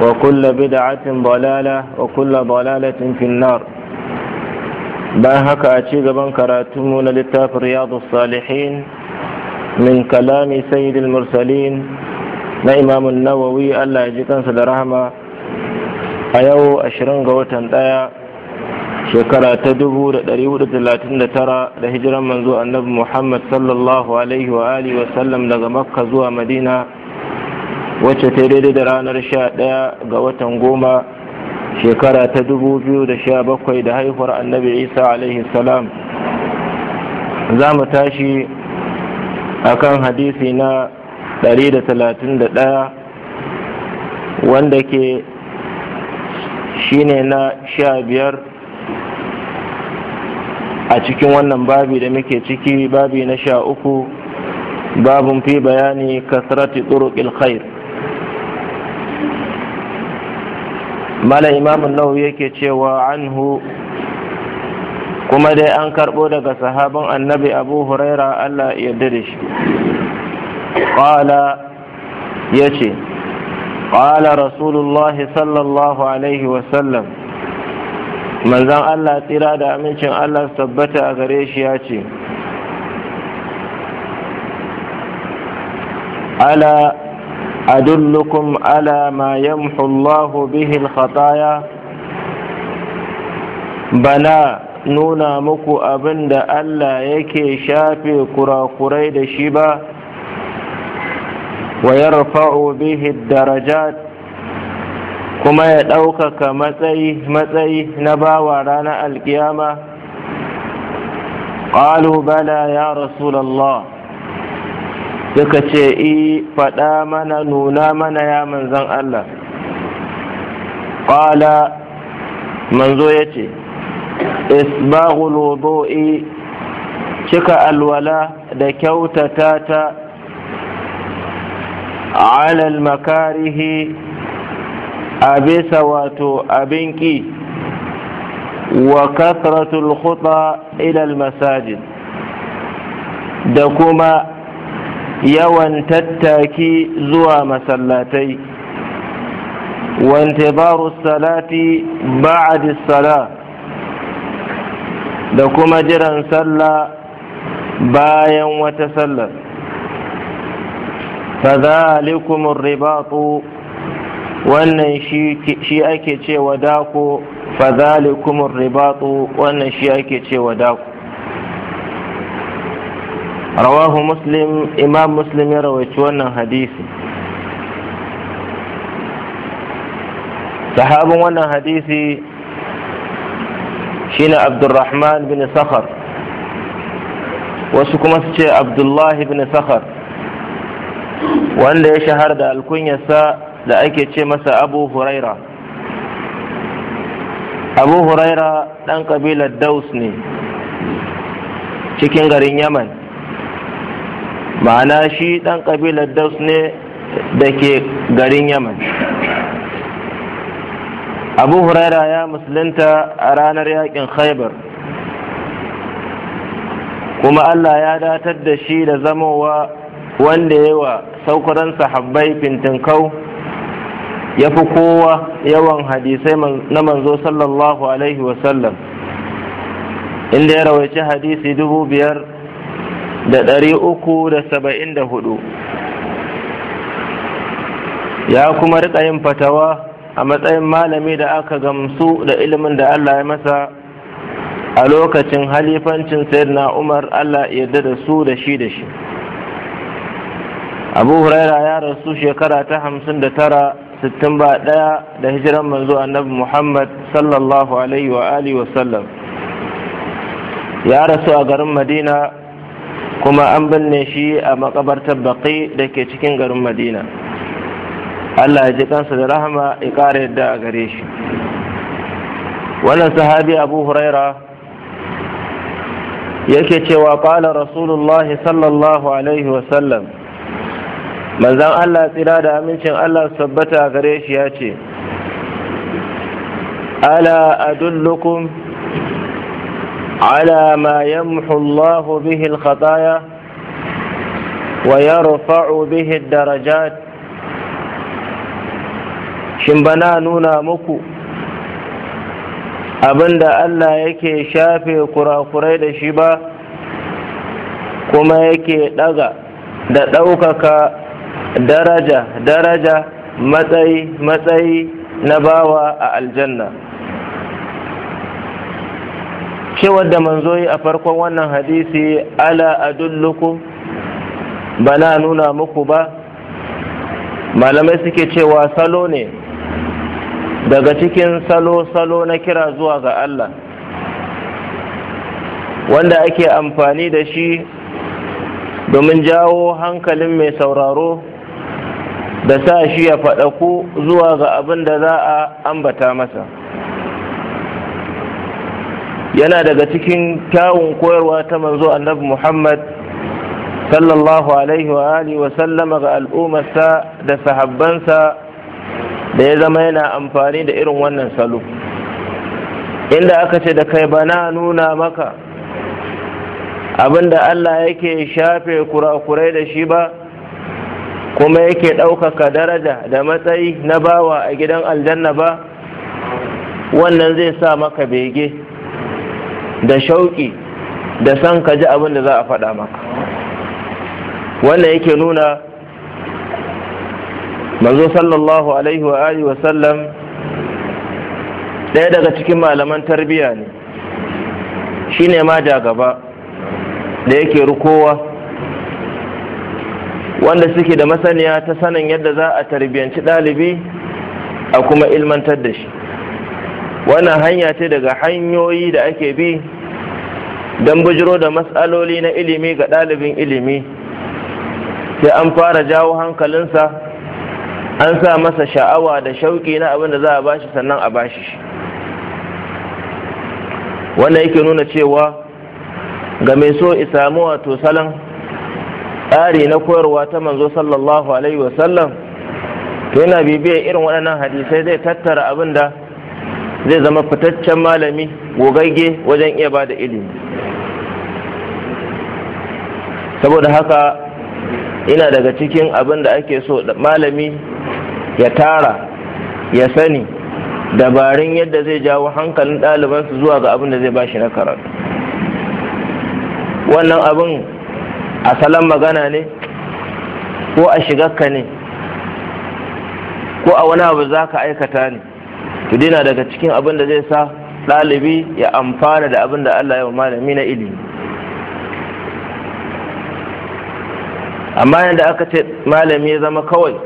وكل بدعة ضلالة وكل ضلالة في النار باهك هكا أشيغ بان كراتمون لتاف رياض الصالحين من كلام سيد المرسلين نإمام النووي ألا يجيكن سدرهما أيو أشرن قوتن دايا شكرا تدبو دريو دلاتن لترى لهجرا منذ النبي محمد صلى الله عليه وآله وسلم لغا زوى مدينة wacce ta daidai da ranar sha ɗaya ga watan goma shekara ta dubu biyu da sha bakwai da haihuwar annabi isa alaihi salam za mu tashi akan hadisi na ɗari da talatin da ɗaya wanda ke shine na sha biyar a cikin wannan babi da muke ciki babi na sha uku babun fi bayani kasrati turuqil khair mala imamun nahu yake cewa anhu kuma dai an karɓo daga sahabin annabi abu huraira allah yarda da shi ƙwala ya ce ƙwala rasulullah sallallahu alaihi wasallam manzan allah tsira da amincin allah tabbata a gare shi ya ce A على ما يمحو الله به الخطايا بنا nuna muku abin da Allah yake shafe kurakurai da shi ba wa yarfa'u bihi kuma ya ɗaukaka matsayi matsayi na bawa ranar alƙiyama. ƙalu bala ya rasulallah suka ce i e, faɗa mana nuna mana ya manzan Allah ƙwala manzo ya ce isbaghul wudu'i cika alwala da kyautata ta alal makarihi a bisa wato abin ƙi wa kasratul khuta ilal masajid da kuma yawan tattaki zuwa masallatai wante salati ba'da sala da kuma jiran sallah bayan wata sallar fadhalikum ribatu wannan shi ake cewa dako fadhalikum ribatu wannan shi ake cewa dako rawahu muslim imam muslim ya rawaici wannan hadisi sahabin wannan hadisi shine abdurrahman bin sakhar wasu kuma su ce abdullahi bin sakhar wanda ya shahar da alkunyarsa da ake ce masa abu huraira abu huraira ɗan ƙabilar daus ne cikin garin yaman ma'ana shi ɗan ƙabilar daus ne da ke garin yaman abu huraira ya musulunta a ranar yaƙin khaibar kuma allah ya datar da shi da zamowa wanda ya wa saukuran sahabbai Kau ya fi kowa yawan hadisai na manzo sallallahu alaihi wasallam inda ya rawaici hadisi dubu biyar da ɗari uku da saba'in da hudu ya kuma riƙa yin fatawa a matsayin malami da aka gamsu da ilimin da Allah ya masa a lokacin halifancin sayyidina Umar Allah yarda da su da shi da shi abu huraira ya rasu shekara ta hamsin da tara sittin ba ɗaya da hijiran manzo annabi muhammad sallallahu alaihi wa alihi ya rasu a garin madina kuma an binne shi a makabartar baƙi da ke cikin garin madina allah ya ji kansa da rahama ya ƙara yadda a gare shi wannan sahabi abu huraira yake cewa ƙala rasulullah sallallahu alaihi wasallam manzan allah tsira da amincin allah sabbata a gare shi ya ce ala adullukum على ما يمحو الله به الخطايا ويرفع به الدرجات bana nuna muku abinda Allah yake shafe kurakurai da shi ba kuma yake daga da ɗaukaka daraja daraja matsayi matsayi na bawa a aljanna cewar da manzo a farkon wannan hadisi ala adulluku ba na nuna muku ba malamai suke cewa salo ne daga cikin salo-salo na kira zuwa ga Allah wanda ake amfani da shi domin jawo hankalin mai sauraro da sa shi ya faɗaku zuwa ga abin da za a ambata masa. yana daga cikin kyawun koyarwa ta manzo annabi muhammad sallallahu alaihi wa alihi wa sallama ga al'ummarsa da sahabbansa da ya zama yana amfani da irin wannan salo inda aka ce da kai bana nuna maka abinda allah yake shafe kurakurai da shi ba kuma yake ɗaukaka daraja da matsayi na bawa a gidan aljanna ba wannan zai sa maka bege da shauƙi da san ka ji abin da za a faɗa maka wannan yake nuna manzo sallallahu alaihi wa alihi wa sallam ɗaya daga cikin malaman tarbiyya ne shine ma da gaba da yake rukowa wanda suke da masaniya ta sanin yadda za a tarbiyanci ɗalibi a kuma ilmantar da shi wannan hanya ce daga hanyoyi da ake bi don bujiro da matsaloli na ilimi ga ɗalibin ilimi sai an fara jawo hankalinsa an sa masa sha'awa da shauƙi na abin da za a bashi sannan a bashi shi wannan yake nuna cewa ga mai so isamu wato salon tsari na koyarwa ta manzo sallallahu alaihi wasallam to yana bibiyar irin waɗannan hadisai zai tattara abin da zai zama fitaccen malami gogagge wajen iya bada ilimi saboda haka ina daga cikin abin da ake so da malami ya tara ya sani dabarin yadda zai jawo hankalin ɗalibansu zuwa ga abin da zai bashi na karatu wannan abin a salon magana ne ko a shigarka ne ko a wani abu za ka aikata ne to dina daga cikin abin da zai sa ɗalibi ya amfana da abin da Allah ya malami na ilimi amma yadda aka ce malami ya zama kawai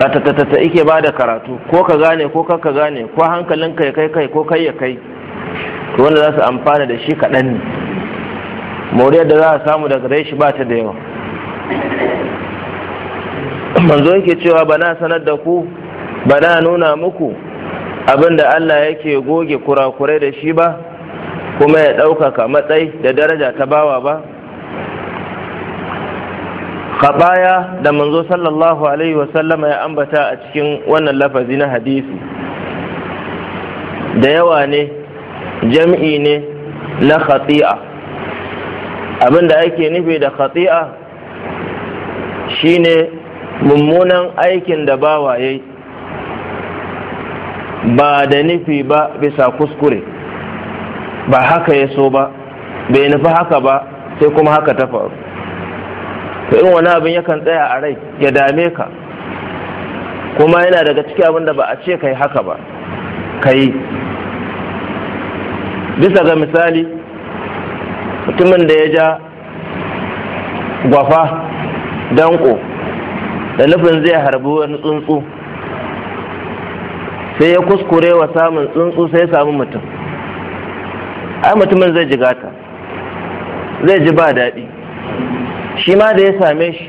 ratatatata ike ba da karatu ko ka gane ko ka gane ko hankalin kai kai kai ko kai ya kai to wanda za su amfana da shi kaɗan ne moriyar da za a samu daga gare shi ba ta da yawa manzo yake cewa bana sanar da ku bana nuna muku abin da Allah yake goge kurakurai da shi ba kuma ya ɗaukaka matsayi da daraja ta bawa ba kabaya da manzo sallallahu alaihi wasallama ya ambata a cikin wannan lafazi na hadisi da yawa ne jam'i ne na khati'a abin da ake nufi da khati'a shine mummunan aikin da bawa yayi ba da nufi ba bisa kuskure ba haka ya so ba bai nufi haka ba sai kuma haka ta faru to in wani abin yakan tsaya a rai ya dame ka kuma yana daga ciki abin da ba a ce kai haka ba kai bisa ga misali mutumin da ya ja gwafa danko da nufin zai harbi wani tsuntsu sai ya kuskure wa samun tsuntsu sai ya samu mutum ai mutumin zai ji gata zai ji ba daɗi shi ma da ya same shi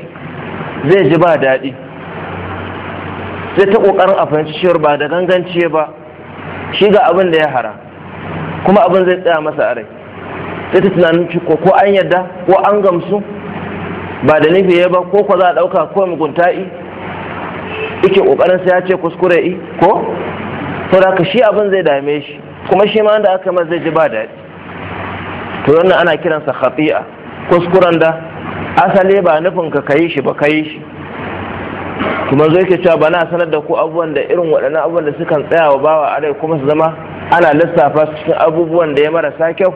zai ji ba daɗi sai ta ƙoƙarin a fahimci cewar ba da ganganci ba shi ga abin da ya hara kuma abin zai tsaya masa a rai sai ta tunanin ciko ko an yadda ko an gamsu ba da nufi ya ba ko ko za a ɗauka ko mugunta'i yake kokarin sai ya ce kuskure i ko saboda ka shi abin zai dame shi kuma shi ma da aka masa zai ji ba daɗi to wannan ana kiransa khati'a kuskuren da asali ba nufin ka kai shi ba kai shi kuma zo yake cewa bana sanar da ku abubuwan da irin waɗannan abubuwan da sukan tsaya wa bawa a rai kuma su zama ana lissafa su cikin abubuwan da ya marasa kyau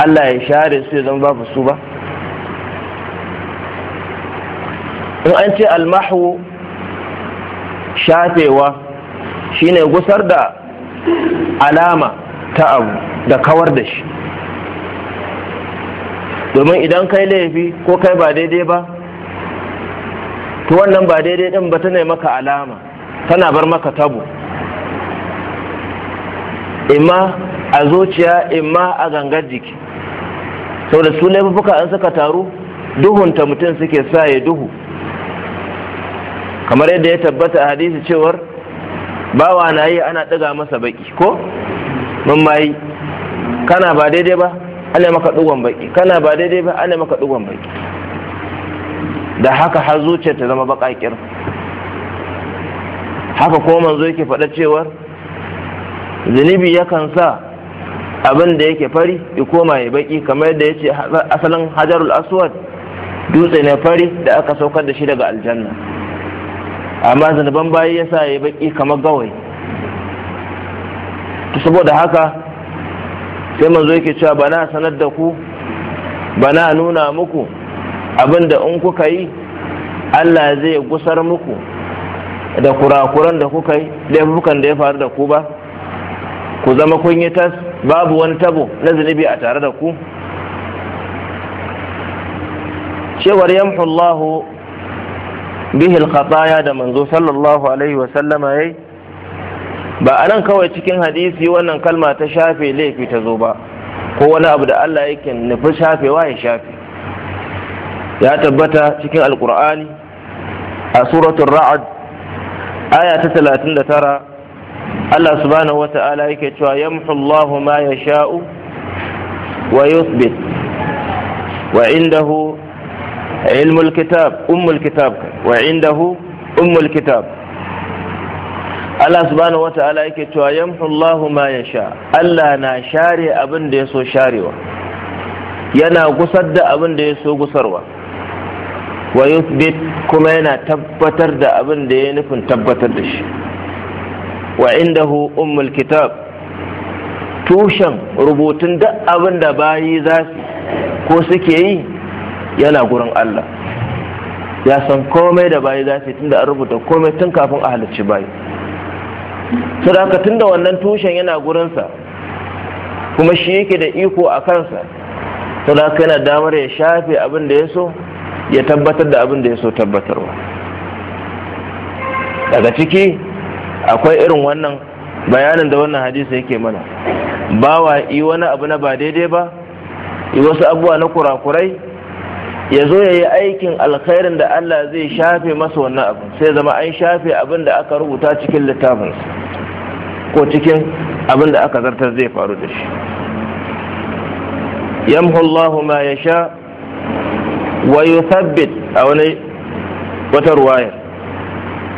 Allah ya share su ya zama babu su ba in an ce almahu shafewa shine gusar da alama ta abu da kawar da shi domin idan kai laifi ko kai ba daidai ba to wannan ba daidai din ba tana maka alama tana bar maka tabu. imma a zuciya imma a gangar jiki saboda su laifuka an suka taru duhunta mutum suke sa ya duhu kamar yadda ya tabbata a hadisi cewar bawa na yi ana ɗaga masa baki ko mun mayi kana ba daidai ba ana maka ɗugon baki kana ba daidai ba ana maka ɗugon baki da haka har zuciyar ta zama baƙaƙir haka ko manzo yake faɗa cewar zunubi yakan sa abin da yake fari ya koma ya baki kamar yadda ya ce asalin hajarul aswad dutse na fari da aka saukar da shi daga aljanna amma zanuban bayi ya sa ya baki kamar gawai to saboda haka sai manzo yake cewa bana sanar da ku bana nuna muku abinda in kuka yi Allah zai gusar muku da kurakuran da kuka yi laifukan da ya faru da ku ba ku zama kun yi tas babu wani tabo na zunubi a tare da ku cewar yamhu bihil khataya da manzo sallallahu alaihi wasallama yayi ba a nan kawai cikin hadisi wannan kalma ta shafe laifi ta zo ba ko wani abu da Allah yake nufi shafewa ya shafe ya tabbata cikin alkur'ani a suratul ra'ad aya ta talatin da tara Allah subhanahu wa ta'ala yake cewa yamhu Allahu ma yasha'u wa yuthbit wa indahu ilmul kitab ummul kitab wa indahu ummul kitab Allah subhanahu wata'ala yake cewa yamhu Allahu ma yasha Allah na share abin da ya so sharewa yana gusar da abin da ya so gusarwa wa yuthbit kuma yana tabbatar da abin da ya nufin tabbatar da shi wa indahu ummul kitab tushen rubutun duk abinda bayi za ko suke yi yana gurin Allah ya san komai da bayi za su tunda an rubuta komai tun kafin a halarci bayi sadaka tunda wannan tushen yana gurinsa kuma shi yake da iko a kansa sadaka yana damar ya shafe abin da ya so ya tabbatar da abin da ya so tabbatarwa daga ciki akwai irin wannan bayanin da wannan hadisi yake mana wa yi wani abu na ba daidai ba yi wasu abubuwa na kurakurai ya zo ya yi aikin alkhairin da Allah zai shafe masa wannan abu sai zama an shafe abin da aka rubuta cikin littafinsa ko cikin abin da aka zartar zai faru da shi yamhu Allah ma ya sha wa yuthabbit a wani wata ruwaya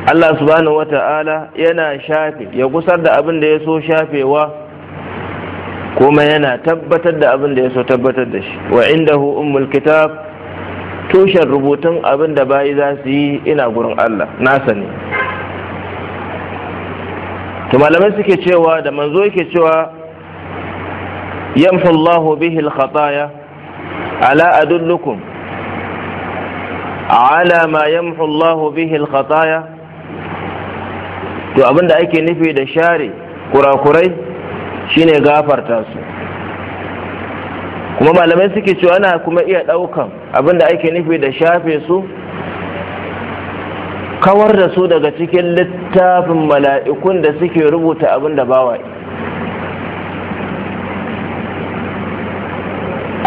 Allah subhanahu wa ta'ala yana shafe ya gusar da abin da ya so shafewa kuma yana tabbatar da abin da ya so tabbatar da shi wa indahu ummul kitab tushen rubutun abin da bayi za su yi ina gurin Allah nasa ne to malamai suke cewa da manzo yake cewa yamhu Allah bihi al-khataya ala adullukum ala ma yamhu Allah bihi al-khataya to abin da ake nufi da share kurakurai shine gafarta su kuma malamai suke cewa ana kuma iya ɗaukan abin da ake nufi da shafe su kawar da su daga cikin littafin mala'ikun da suke rubuta abin da bawa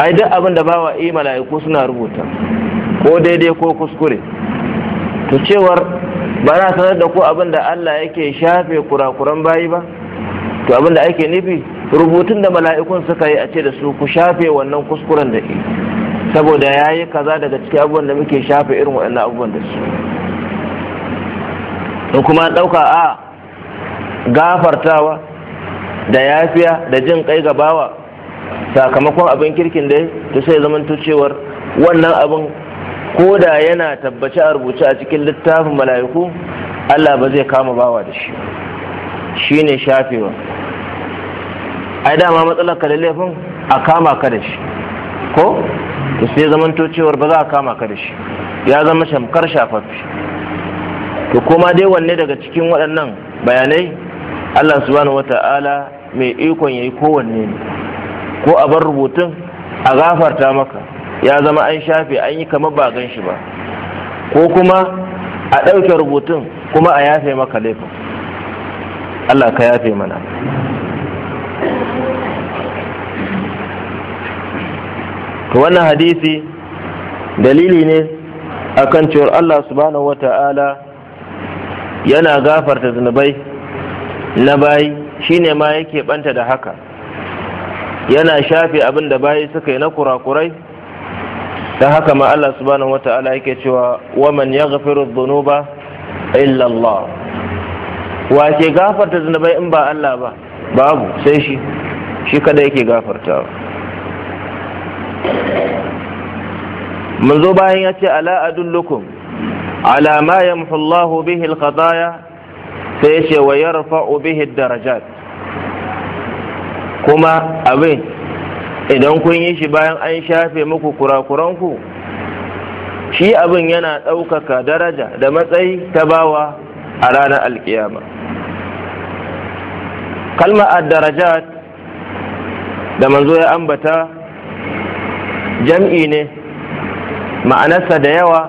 ai duk abin da bawa yi mala'iku suna rubuta ko daidai ko kuskure to cewar ba na sanar da ku abin da Allah yake shafe kurakuran bayi ba to abin da ake nufi rubutun da mala'ikun suka yi a ce da su ku shafe wannan kuskuren da ke saboda ya yi kaza daga cikin abubuwan da muke shafe irin waɗannan abubuwan da su in kuma ɗauka a gafartawa da yafiya da jin kai ga bawa sakamakon abin kirkin dai to sai zaman cewar wannan abin ko da yana tabbaci a rubuce a cikin littafin mala'iku Allah ba zai kama bawa da shi shine shafewa ai dama matsalar ka da laifin a kama ka da shi ko to sai zamanto cewar ba za a kama ka da shi ya zama shamkar shafaffe to koma dai wanne daga cikin waɗannan bayanai Allah subhanahu wata'ala mai ikon yayi kowanne ne ko a bar rubutun a gafarta maka ya zama an shafe an yi kamar ba gan shi ba ko kuma a ɗauke rubutun kuma a yafe maka laifin Allah ka yafe mana to wannan hadisi dalili ne akan cewar Allah subhanahu wata'ala yana gafarta zunubai na bayi shine ma yake banta da haka yana shafe abin da bayi suka yi na kurakurai ta haka ma Allah subhanahu wata'ala yake cewa waman yaghfiru dhunuba illa Allah wa ke gafarta zunubai in ba Allah ba babu sai shi shi kada yake gafartawa manzo bayan ya ce ala adullukum ala ma yamhu Allah bihi al sai ya ce wa bihi kuma abin idan kun yi shi bayan an shafe muku kurakuranku shi abin yana ɗaukaka daraja da matsayi ta bawa a ranar alkiyama kalma ad-darajat da manzo ya ambata jam'i ne ma'anarsa da yawa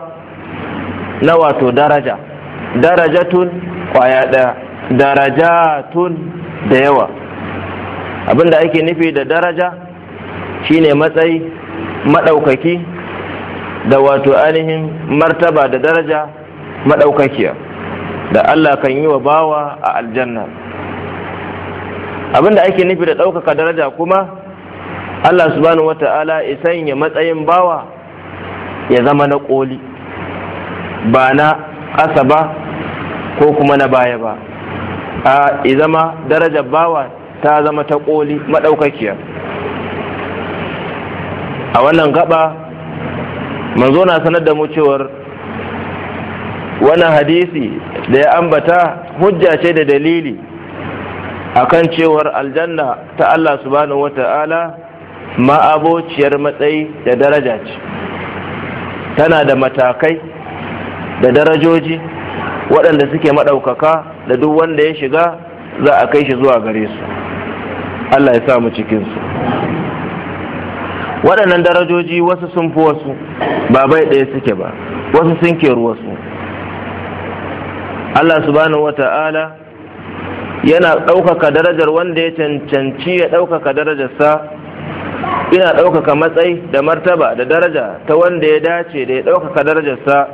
na wato daraja darajatun kwaya ɗaya darajatun da yawa abinda ake nufi da daraja shine matsayi maɗaukaki da wato ainihin martaba da daraja maɗaukakiya da Allah kan yi wa bawa a aljanna abinda ake nufi da ɗaukaka daraja kuma Allah subhanahu wata'ala ya sanya matsayin bawa ya zama na koli ba na ƙasa ba ko kuma na baya ba a zama darajar bawa ta zama ta koli maɗaukakiya a wannan gaba manzo na sanar da mu cewar wannan hadisi da ya ambata hujja ce da dalili akan cewar aljanna ta Allah subhanahu wata'ala ma'abociyar matsayi da daraja ce tana da matakai da darajoji waɗanda suke maɗaukaka da duk wanda ya shiga za a kai shi zuwa gare su allah ya samu cikinsu waɗannan darajoji wasu sun fi wasu ba bai ɗaya suke ba wasu sun keru wasu allah subhanahu wa ta'ala yana ɗaukaka darajar wanda ya cancanci ya ɗaukaka darajarsa ina ɗaukaka matsayi da martaba da daraja ta wanda ya dace da ya ɗaukaka darajarsa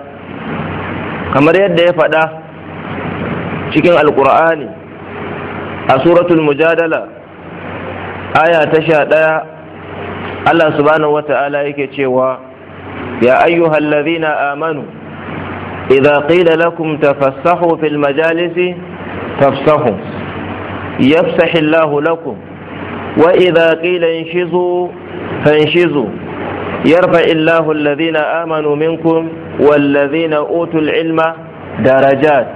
kamar yadda ya faɗa cikin Alƙur'ani, a suratul mujadala aya ta sha ɗaya allah subhanahu wata'ala yake cewa ya ayyuhal ladhina amanu idza qila lakum tafassahu fil majalisi tafsahu yafsahu lakum wa idza qila inshizu fanshizu yarfa illahu alladhina amanu minkum wal ladhina utul ilma darajat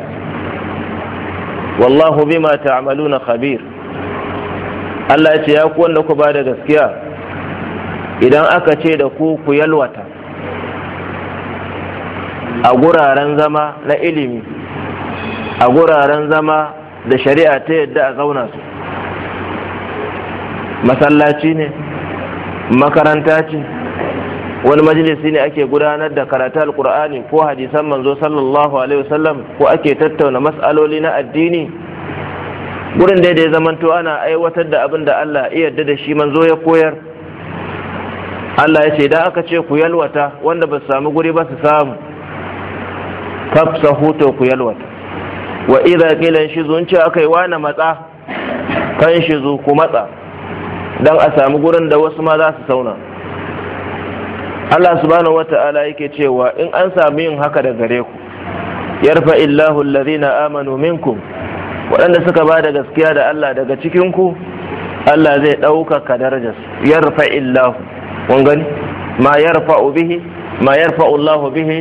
wallahu bima ta'maluna khabir Allah yace ya ku wanda ku ba da gaskiya idan aka ce da ku ku yalwata a guraren zama na ilimi a guraren zama da shari'a ta yadda a zauna su masallaci ne makaranta ce wani majalisi ne ake gudanar da karatu alkur'ani ko hadisan manzo sallallahu alaihi wasallam ko ake tattauna mas'aloli na addini gurin da ya zamanto ana aiwatar da abin da Allah ya yarda da shi manzo ya koyar Allah ya ce da aka ce ku yalwata wanda ba su samu guri ba su samu fafsahu to ku yalwata wa idza qila shizun ce akai wani matsa kan shizu ku matsa don a samu gurin da wasu ma za su sauna Allah subhanahu wata'ala yake cewa in an sami yin haka da gare ku yarfa illahu allazina amanu minkum waɗanda suka ba da gaskiya da Allah daga cikin ku Allah zai ɗaukaka darajas yarfa illahu mun gani ma yarfa bihi ma yarfa allahu bihi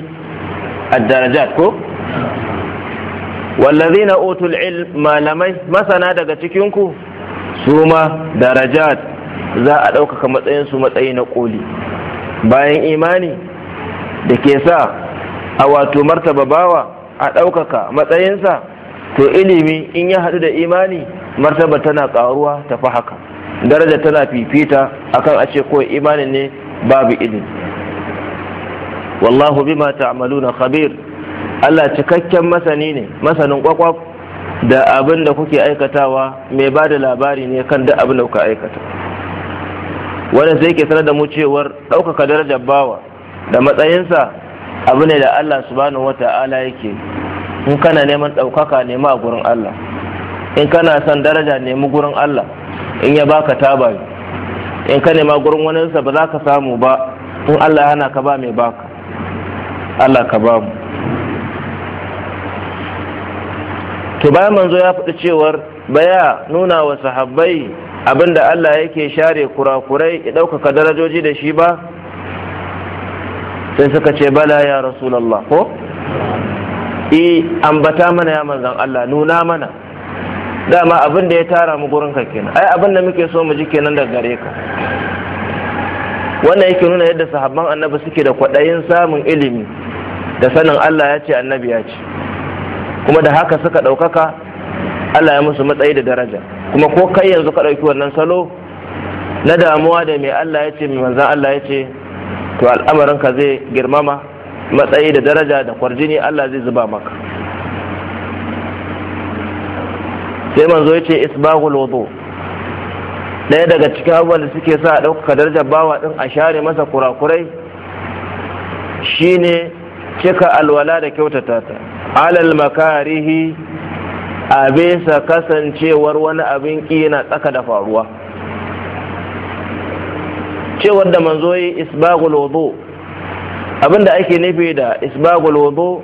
ad-darajat ko wallazina utul ilm malamai masana daga cikin ku su ma darajat za a ɗaukaka matsayinsu matsayi na ƙoli bayan imani da ke sa a wato martaba bawa a ɗaukaka matsayinsa to ilimi in ya haɗu da imani martaba tana ƙaruwa ta fi haka daraja tana fifita akan a ce ko imanin ne babu ilimi wallahu bima ta'maluna khabir Allah cikakken masani ne masanin kwakwaf da abin da kuke aikatawa mai ba da labari ne kan da abin da kuka aikata wanda sai ke sanar da mu cewar ɗaukaka darajar bawa da matsayinsa abu ne da Allah subhanahu wata'ala yake in kana neman ɗaukaka nema a gurin Allah in kana son daraja nemi gurin Allah in ya baka taba in ka nema gurin waninsa ba za ka samu ba in Allah yana ka ba mai baka Allah ka ba mu to bayan manzo ya faɗi cewar baya nuna wa sahabbai abinda Allah yake share kurakurai ya ɗaukaka darajoji da shi ba sai suka ce bala ya rasulallah ko i e, ambata mana ya manzan Allah nuna mana dama abin da ya tara mu gurin ka kenan ai abin da muke so mu ji kenan daga gare ka wannan yake nuna yadda sahabban annabi suke da kwaɗayin samun ilimi da sanin Allah ya ce annabi ya ce kuma da haka suka ɗaukaka Allah ya musu matsayi da daraja kuma ko kai yanzu ka ɗauki wannan salo na damuwa da mai Allah ya ce mai manzan Allah ya ce to al'amarinka zai girmama matsayi da daraja da kwarjini Allah zai zuba maka sai manzo ya ce Isbagul wudu ɗaya daga cikin abubuwan da suke sa a ɗaukaka darajar bawa ɗin a share masa kurakurai shine cika alwala da kyautata ta alal makarihi a bisa kasancewar wani abin kina tsaka da faruwa cewar da manzo yi isbagul wudu abinda ake nufi da isbagul wudu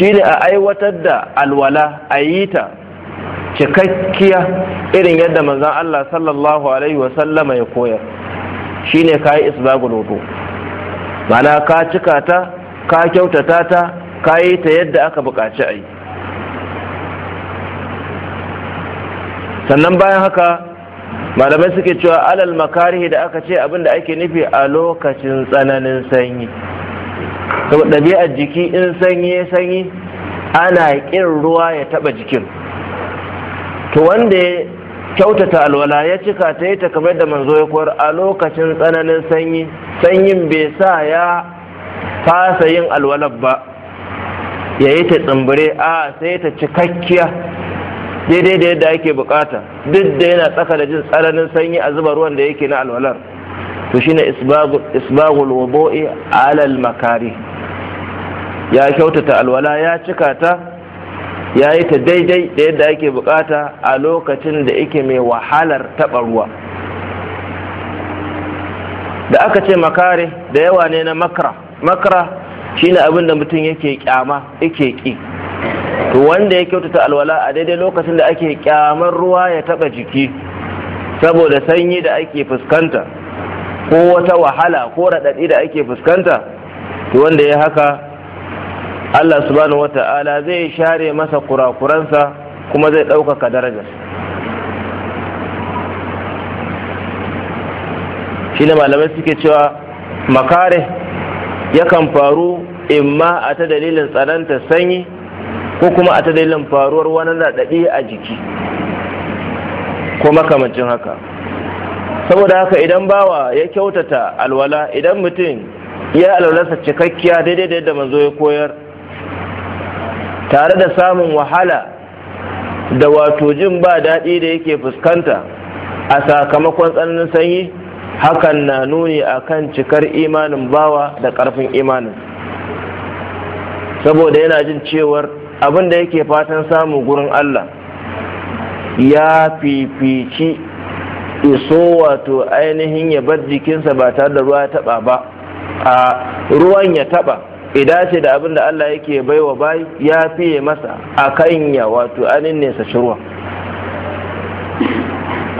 shine a aiwatar da alwala a ta cikakkiya irin yadda manzon Allah sallallahu alaihi wasallama ya koyar shine kai isbagul wudu ma'ana ka cika ta ka kyautata ta kayi ta yadda aka buƙaci a yi sannan bayan haka malamai suke cewa alal makarihi da aka ce abinda ake nufi a lokacin tsananin sanyi ɗabi'ar jiki in sanyi ya sanyi ana ƙin ruwa ya taɓa jikin to wanda ya kyautata alwala ya cika ta yi ta kamar da manzo ya kwar a lokacin tsananin sanyi sanyin bai sa ya fasa yin alwalar ba ya yi ta tsimbire a sai ta cikakkiya daidai da yadda ake bukata duk da yana tsaka da jin tsananin sanyi a zuba ruwan da yake na alwalar to shine isbagul wudu'i alal makari ya kyautata alwala ya cika ta ya yi ta daidai da yadda ake bukata a lokacin da yake mai wahalar taɓa ruwa da aka ce makare da yawa ne na makara makara shine abin da mutum yake kyama yake ki to wanda ya kyautata alwala a daidai lokacin da ake kyamar ruwa ya taba jiki saboda sanyi da ake fuskanta ko wata wahala ko raɗaɗi da ake fuskanta to wanda ya haka Allah subhanahu wata'ala zai share masa kurakuransa kuma zai ɗaukaka daraja. shi ne malamai suke cewa makare yakan faru imma a ta dalilin tsananta sanyi ko kuma a ta dalilin faruwar wani raɗaɗi a jiki ko makamancin haka saboda haka idan bawa ya kyautata alwala idan mutum ya alwalarsa cikakkiya daidai da yadda manzo ya koyar tare da samun wahala da wato jin ba daɗi da yake fuskanta a sakamakon tsananin sanyi hakan na nuni akan cikar imanin bawa da ƙarfin imanin saboda yana jin cewar abinda yake fatan samu gurin Allah ya fifici iso wato ainihin ya bar jikinsa ba tare da ruwa ya taba ba a ruwan ya taba idan ce da abin da Allah yake baiwa bai ya fiye masa a kan ya wato anin nesa shirwa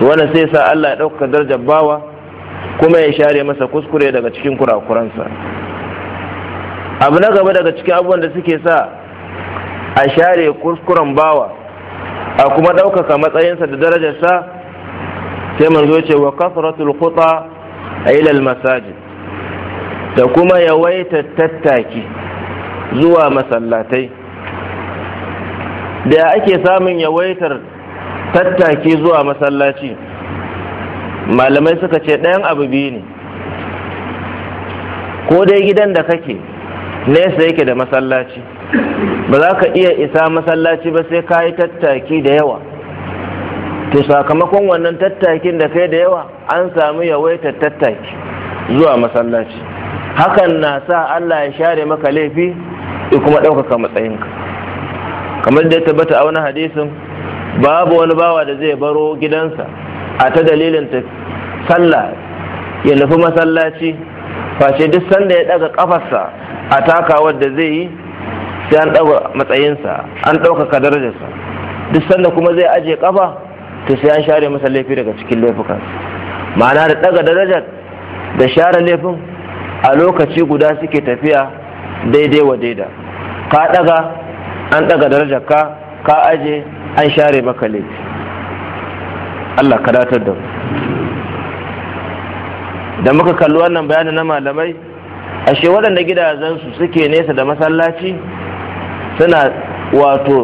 to wannan sai sa Allah ya ɗauka darajar bawa kuma ya share masa kuskure daga cikin kurakuransa abu na gaba daga cikin abubuwan da suke sa a share kuskuren bawa a kuma ɗaukaka matsayinsa da darajarsa sai manzo ce wa kasratul kuta a ilal masajid da kuma yawaita tattaki zuwa masallatai da ake samun yawaitar tattaki zuwa masallaci malamai suka ce ɗayan abu biyu ne ko dai gidan da kake nesa yake da masallaci ba za ka iya isa masallaci ba sai ka yi tattaki da yawa to sakamakon wannan tattakin da kai da yawa an samu yawaitar tattaki zuwa masallaci hakan na sa allah ya share maka laifi ya kuma ɗaukaka matsayinka kamar da ya tabbata a wani hadisin babu wani bawa da zai baro gidansa a ta dalilin ta sallah ya nufi masallaci face duk sanda ya daga kafarsa a takawar da zai yi sai an ɗaga matsayinsa an ɗaukaka darajarsa duk sanda kuma zai aje kafa to sai an share masa laifi daga cikin laifukan ma'ana da ɗaga darajar da share laifin a lokaci guda suke tafiya daidai wa daida ka ɗaga an ɗaga darajar ka ka aje an share maka laifi Allah ka datar da da muka kalli wannan bayanin na malamai ashe waɗanda gidajensu suke nesa da masallaci suna wato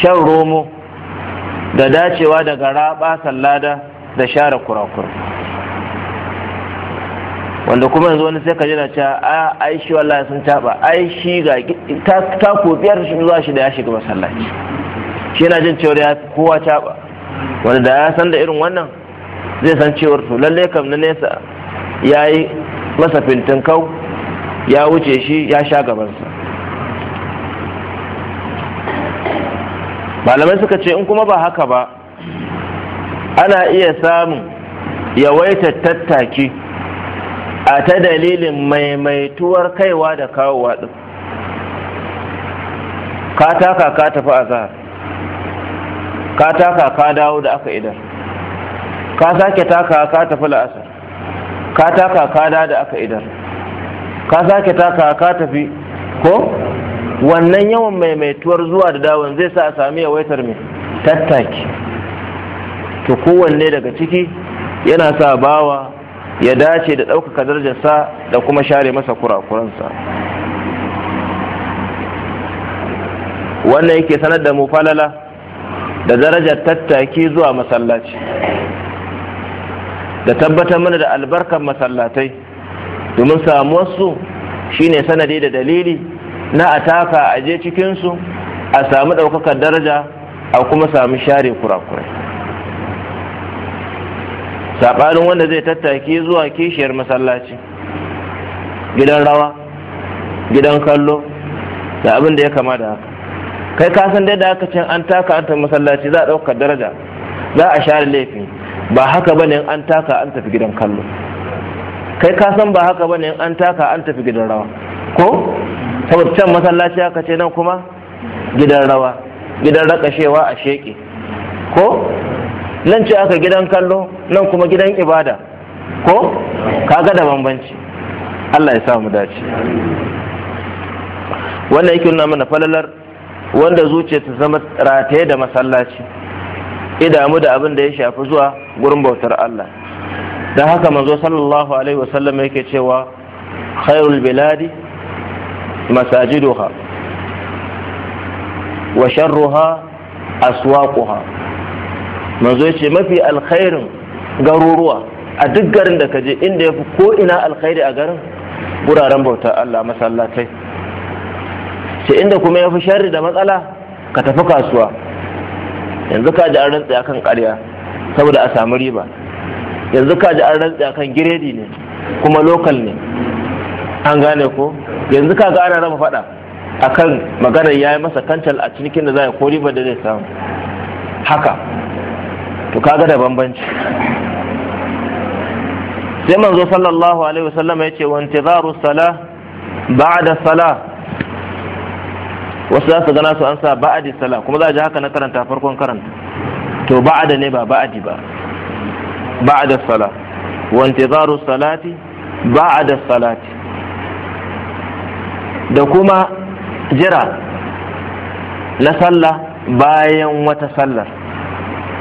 shan romo da dacewa daga raba, sallada da share kurakura wanda kuma yanzu wani sai ka jira cewa a ai shi wallahi sun taba ai shi ga ta ko biyar shi zuwa shi da ya shiga masallaci shi yana jin cewa ya kowa taba wani da ya san da irin wannan zai san cewar to lalle kam na nesa ya yi masa fintin kau, ya wuce shi ya sha gabansa malamai suka ce in kuma ba haka ba ana iya samun yawaitar tattaki a ta dalilin maimaituwar kaiwa da kawowa ɗin ka taka ka tafi a zahar ka taka ka dawo da aka idar ka sake taka ka tafi la'asar ka taka ka dawo da aka idar ka sake taka ka tafi ko wannan yawan maimaituwar zuwa da dawon zai sa a sami yawaitar mai tattaki to kowanne daga ciki yana sa bawa ya dace da ɗaukaka darajarsa da kuma share masa kurakuransa wannan yake sanar da mu falala da darajar tattaki zuwa masallaci da tabbatar mana da albarkar masallatai domin samuwarsu shine sanadi da dalili na a taka a je cikinsu a samu ɗaukakar daraja a kuma samu share kurakurai saɓanin wanda zai tattaki zuwa kishiyar masallaci gidan rawa gidan kallo da abin da ya kama da haka kai ka san da aka can an taka an tafi masallaci za a ɗaukar daraja za a share laifi ba haka bane in an taka an tafi gidan kallo kai ka san ba haka bane in an taka an tafi gidan rawa ko saboda can masallaci aka ce nan kuma gidan rawa gidan rakashewa a sheƙe ko nan ce aka gidan kallo nan kuma gidan ibada ko kaga da bambanci Allah ya samu dace wannan yake nuna mana falalar wanda zuciya ta zama rataye da masallaci idamu da abin da ya shafi zuwa gurin bautar Allah don haka manzo sallallahu alaihi wasallam yake cewa khairul biladi masajiduha wa sharruha aswaquha manzo yace mafi alkhairin garuruwa a duk garin da kaje inda yafi ko ina alkhairi a garin guraren bautar Allah masallatai ce inda kuma ya fi sharri da matsala ka tafi kasuwa yanzu ka ji an rantsa kan karya saboda a samu riba yanzu ka ji an rantsa kan giredi ne kuma lokal ne an gane ko yanzu ka ga ana raba faɗa akan maganar ya yi masa kancal a cinikin da za a ko riba da zai samu haka to kaga da bambanci sai manzo sallallahu alaihi wasallam ya ce wa intizaru salah ba'da salah wasu za su gana su an sa ba'adi sala kuma za a ji haka na karanta farkon karanta to ba'ada ne ba ba'adi ba ba'ada sala wa intizaru salati ba'ada salati da kuma jira na sallah bayan wata sallar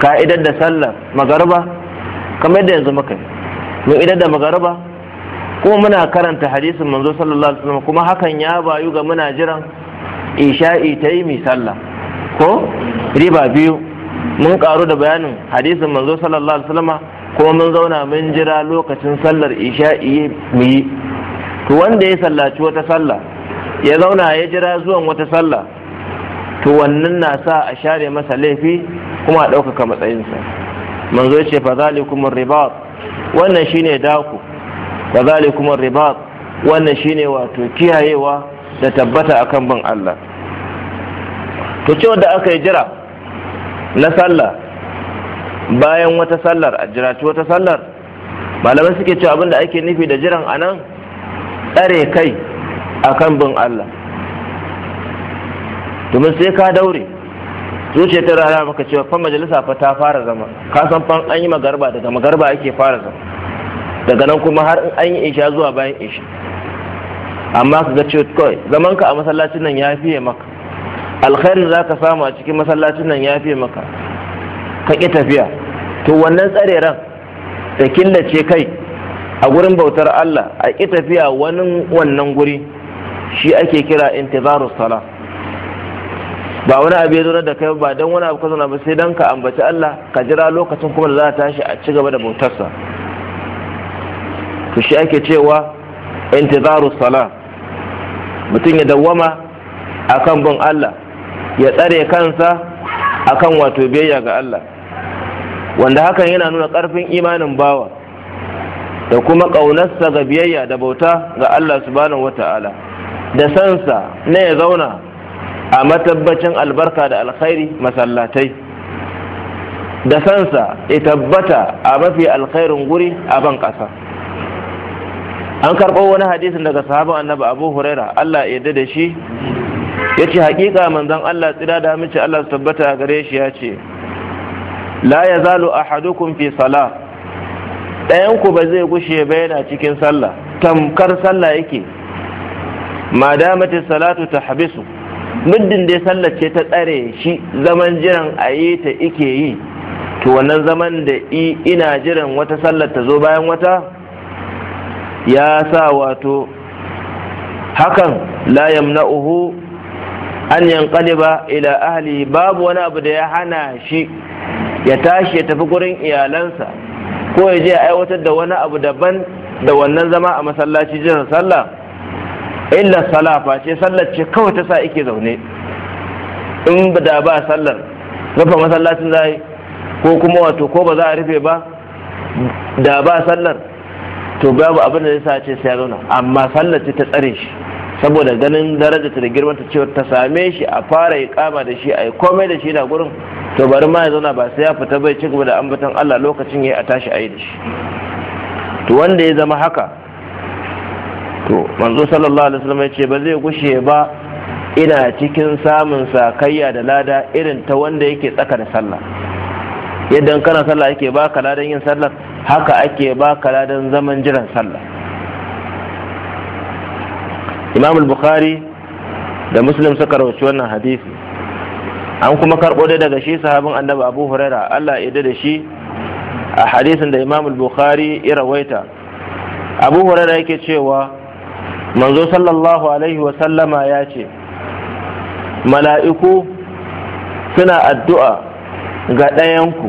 ka'idar da sallar magarba kamar yadda yanzu muka yi mun idar da magarba kuma muna karanta hadisin manzo sallallahu alaihi wasallam kuma hakan ya bayu ga muna jiran isha'i ta yi mai sallah ko riba biyu mun karu da bayanin hadisin manzo sallallahu alaihi wasallam ko mun zauna mun jira lokacin sallar isha'i mu yi to wanda ya sallaci wata sallah ya zauna ya jira zuwan wata sallah to wannan na sa a share masa laifi kuma a ɗaukaka matsayinsa manzo ce fa zalikum ribat wannan shine daku fa zalikum ribat wannan shine wato kiyayewa da tabbata akan bin Allah to ce da aka yi jira na sallah bayan wata sallar a jira ce wata sallar malamai suke cewa abin da ake nufi da jiran a nan tsare kai a kan bin Allah domin sai ka daure zuciya ta rana maka cewa fan majalisa fa ta fara zama ka san fan an yi magarba daga magarba ake fara zama daga nan kuma har an yi isha zuwa bayan isha amma ka ga cewa kawai zamanka a masallacin nan ya fiye maka alkhairin za ka samu a cikin masallacin nan ya fi maka ka ƙi tafiya to wannan tsareren da killace kai a gurin bautar Allah a ƙi tafiya wani wannan guri shi ake kira intizarus sala ba wani abu ya zo da kai ba don wani abu ka zauna ba sai don ka ambaci Allah ka jira lokacin kuma da za a tashi a ci gaba da bautarsa to shi ake cewa intizarus sala mutum ya dawwama akan bin Allah ya tsare kansa akan wato biyayya ga Allah wanda hakan yana nuna ƙarfin imanin bawa da kuma ƙaunarsa ga biyayya da bauta ga Allah subhanahu wata'ala da sansa na ya zauna a matabbacin albarka da alkhairi masallatai da sansa ya tabbata a mafi alkhairin guri a ban ƙasa an karɓo wani hadisin daga sahaban annabi abu huraira Allah ya da shi Ya ce haƙiƙa manzon Allah tsira da amince Allah su tabbata gare shi ya ce la yazalu hadukun fi sala ɗayan ku ba zai gushe ba yana cikin sallah tamkar sallah yake madamati salatu ta Habisu. muddin dai Sallah ce ta tsare shi zaman jiran yi ta ike yi to wannan zaman da ina jiran wata sallar ta zo bayan wata ya sa wato hakan la yamna'uhu an ba ila ahali babu wani abu da ya hana shi ya tashi ya tafi gurin iyalansa ko ya je aiwatar da wani abu daban da wannan zama a masallaci jiran sallah illa salafa ce sallar ce kawai ta sa ike zaune in da ba sallar rufe masallacin za ko kuma wato ko ba za a rufe ba da ba sallar to babu abin da ya sa ce sai ya zauna amma sallar ce ta tsare shi saboda ganin daraja ta da ta cewa ta same shi a fara ya kama da shi a yi komai da shi na gurin to bari ma ya zauna ba sai ya fita bai ci gaba da ambaton Allah lokacin ya a tashi a yi da shi to wanda ya zama haka to manzo sallallahu alaihi wasallam ya ce ba zai gushe ba ina cikin samun sakayya da lada irin ta wanda yake tsaka da sallah yadda kana sallah yake baka ladan yin sallah haka ake baka ladan zaman jiran sallah imam bukhari da muslim suka rawaci wannan hadisi an kuma karɓo dai daga shi sahabin annabi abu huraira allah ya da shi a hadisin da imam bukhari ya rawaita abu huraira yake cewa manzo sallallahu alaihi wa sallama ya ce mala'iku suna addu'a ga ɗayanku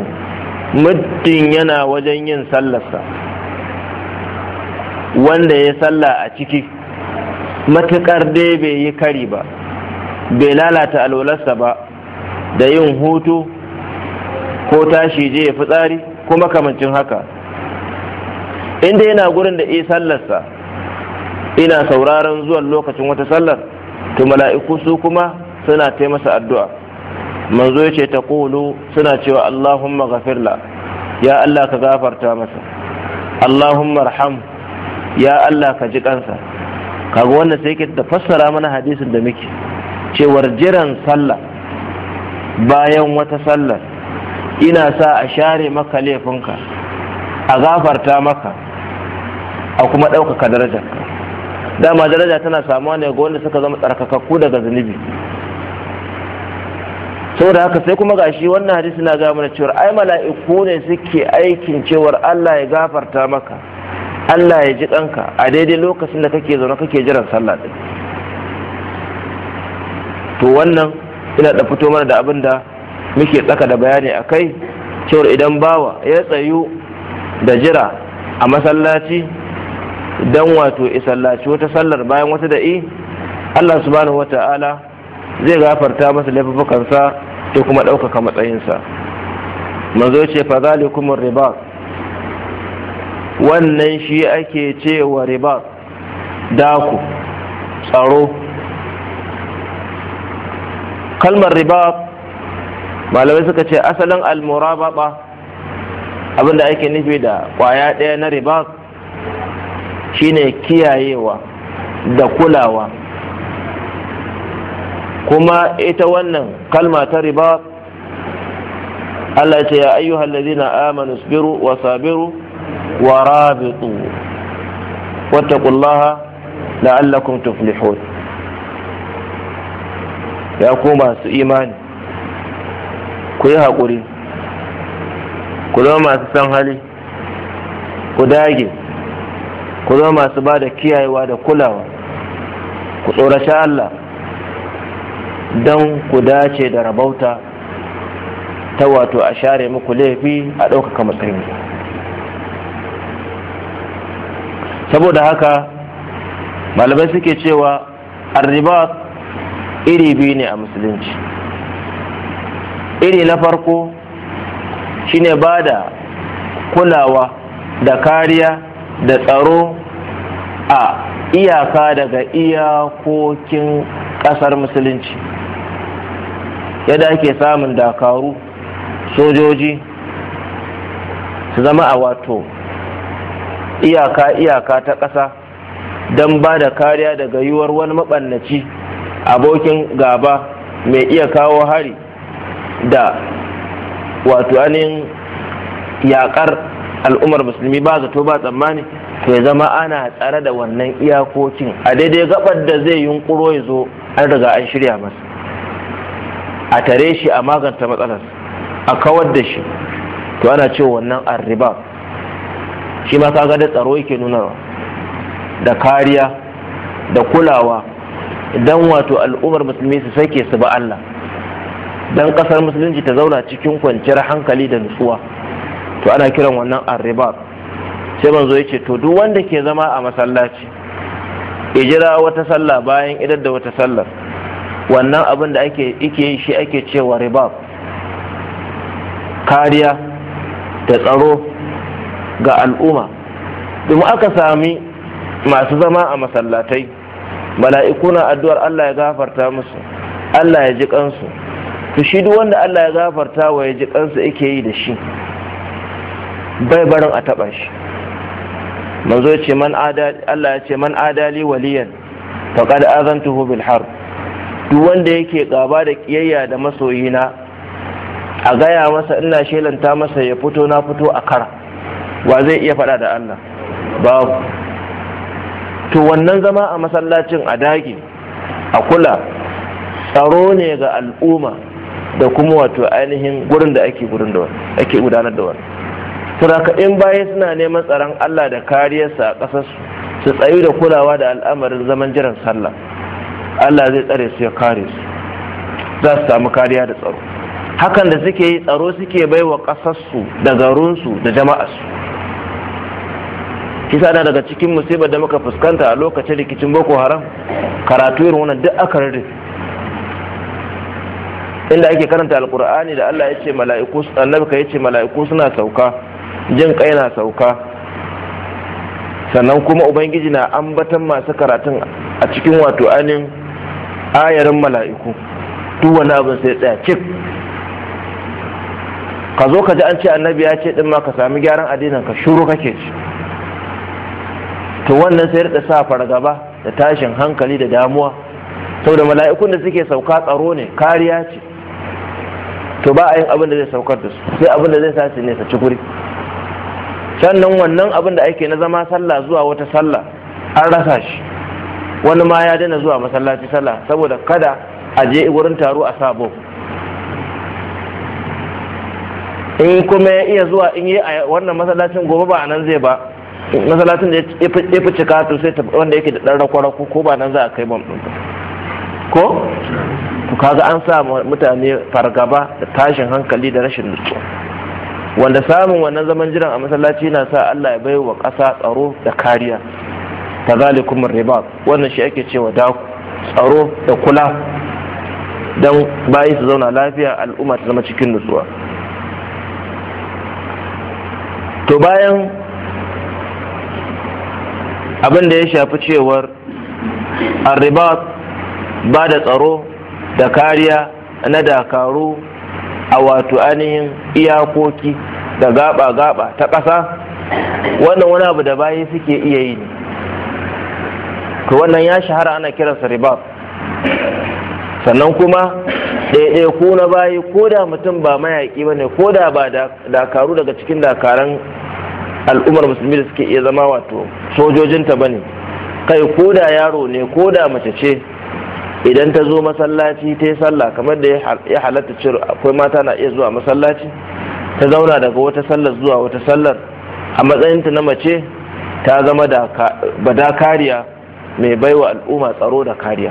muddin yana wajen yin sallarsa wanda ya salla a ciki matuƙar dai bai yi kari ba bai lalata alwalarsa ba da yin hutu ko tashi je ya tsari. Kuma makamancin haka inda yana gurin da iya sallarsa ina sauraron zuwan lokacin wata sallar to mala'iku su kuma suna taimasa addu'a manzo ya ce ta suna cewa allahumma gafirla ya allah ka gafarta masa allahumma arham ya allah ka ji kansa kaga wannan sai yake da fassara mana hadisin da muke cewar jiran sallah bayan wata sallar ina sa a share maka laifinka a gafarta maka a kuma ɗaukaka daraja. dama daraja tana samuwa ne ga wanda suka zama tsarkakakku daga zunubi saboda haka sai kuma gashi wannan hadisi na gaya mana cewar ai mala'iku ne suke aikin cewar Allah ya gafarta maka Allah ya ji ɗanka a daidai lokacin da kake zaune kake jiran sallah ɗin to wannan ina da fito mana da abin da muke tsaka da bayani a kai cewar idan bawa ya tsayu da jira a masallaci don wato isallaci wata sallar bayan wata da'i Allah subhanahu wata'ala zai gafarta masa laifukansa da kuma ɗaukaka matsayinsa manzo ce fa zalikumur ribat wannan shi ake cewa riba daku tsaro kalmar riba malamai suka ce asalin ba abinda ake nufi da kwaya ɗaya na riba shine kiyayewa da kulawa kuma ita wannan kalma ta riba Allah ce ya ayyuhallazina amanu sabiru wa sabiru ورابطوه واتقوا الله لعلكم تفلحون يا قوم اسو ايماني كوي هاقوري ku zama masu san hali ku dage ku masu ba da kiyayewa da kulawa ku tsorace allah Dan ku dace da rabauta ta wato a share muku laifi a ɗaukaka matsayin saboda haka malamai suke cewa arriba iri biyu ne a musulunci iri na farko shine ba da kulawa da kariya da tsaro a iyaka daga iyakokin ƙasar musulunci yadda ake samun dakaru sojoji su zama a wato iyaka iyaka ta ƙasa don ba da kariya daga yiwuwar wani maɓannaci abokin gaba mai iya kawo hari da wato anin yaƙar al'ummar musulmi ba zato ba tsammani to ya zama ana tsare da wannan iyakokin a daidai gabar da zai yunkuro ya zo an riga an shirya masa a tare shi a maganta matsalar a kawar da shi to ana cewa wannan arriba shi ma kaga da tsaro yake nuna da kariya da kulawa dan wato al'ummar musulmi su sake su ba Allah dan kasar musulunci ta zauna cikin kwanciyar hankali da nutsuwa to ana kiran wannan arriba sai manzo yace to duk wanda ke zama a masallaci jira wata sallah bayan idar da wata sallar wannan abin da ake yi shi ake cewa ribab kariya da tsaro ga al'umma domin aka sami masu zama a masallatai na addu'ar Allah ya gafarta musu Allah ya ji kansu to shi duk wanda Allah ya gafarta wa ya ji kansu yake yi da shi bai barin a taɓa shi manzo ce man Allah ya ce man adali waliyan faqad azantuhu bil har duk wanda yake gaba da kiyayya da masoyina a gaya masa ina shelanta masa ya fito na fito a kara wa zai iya faɗa da Allah babu to wannan zama a masallacin a dage a kula tsaro ne ga al'umma da kuma wato ainihin gurin da ake gurin da ake gudanar da wani turaka in baya suna neman tsaron Allah da kariyarsa a ƙasar su tsayu da kulawa da al'amarin zaman jiran sallah Allah zai tsare su ya kare su za su samu kariya da tsaro hakan da suke yi tsaro suke bai wa ƙasarsu da garinsu da jama'arsu kisa na daga cikin musibar da muka fuskanta a lokacin rikicin boko haram karatu irin wannan duk aka rarrafe inda ake karanta alkur'ani da allah ya ce mala'iku annabi ka ce mala'iku suna sauka jin kai na sauka sannan kuma ubangiji na ambatan masu karatun a cikin wato ainihin ayarin mala'iku duk wani abin sai tsaya cik ka zo ka ji an ce annabi ya ce din ma ka sami gyaran addinin ka shuru kake ci to wannan sai rika sa fargaba da tashin hankali da damuwa saboda mala'ikun da suke sauka tsaro ne kariya ce to ba a yin abin da zai saukar da su sai abin da zai sa su ne su ci sannan wannan abin da ake na zama sallah zuwa wata sallah an rasa shi wani ma ya daina zuwa masallaci sallah saboda kada a je wurin taro a sa sabo in kuma ya iya zuwa in yi a wannan masallacin gobe ba a nan zai ba masallacin da ya fi cika to sai wanda yake da ɗan ko ba nan za a kai ɗin ko to kaga an sa mutane fargaba da tashin hankali da rashin nutsuwa wanda samun wannan zaman jiran a masallaci na sa Allah ya bai wa ƙasa tsaro da kariya kazalikum ribat wannan shi ake cewa da tsaro da kula don bayi su zauna lafiya al'umma ta zama cikin nutsuwa to bayan abin da ya shafi cewar arribat ba da tsaro da kariya na dakaru a wato ainihin iyakoki da gaba-gaba ta ƙasa wannan wani abu da bayi suke iya yi ne to wannan ya shahara ana kiransa ribab sannan kuma ko na bayi ko da mutum ba mayaƙi ba ne ko da ba dakaru daga cikin dakaran al'ummar musulmi da suke iya zama wato sojojinta ba ne kai ko da yaro ne ko da mace ce idan ta zo masallaci ta yi sallah kamar da ya halatta cewa akwai mata na iya zuwa masallaci ta zauna daga wata sallar zuwa wata sallar a matsayinta na mace ta zama da bada kariya mai baiwa al'umma tsaro da kariya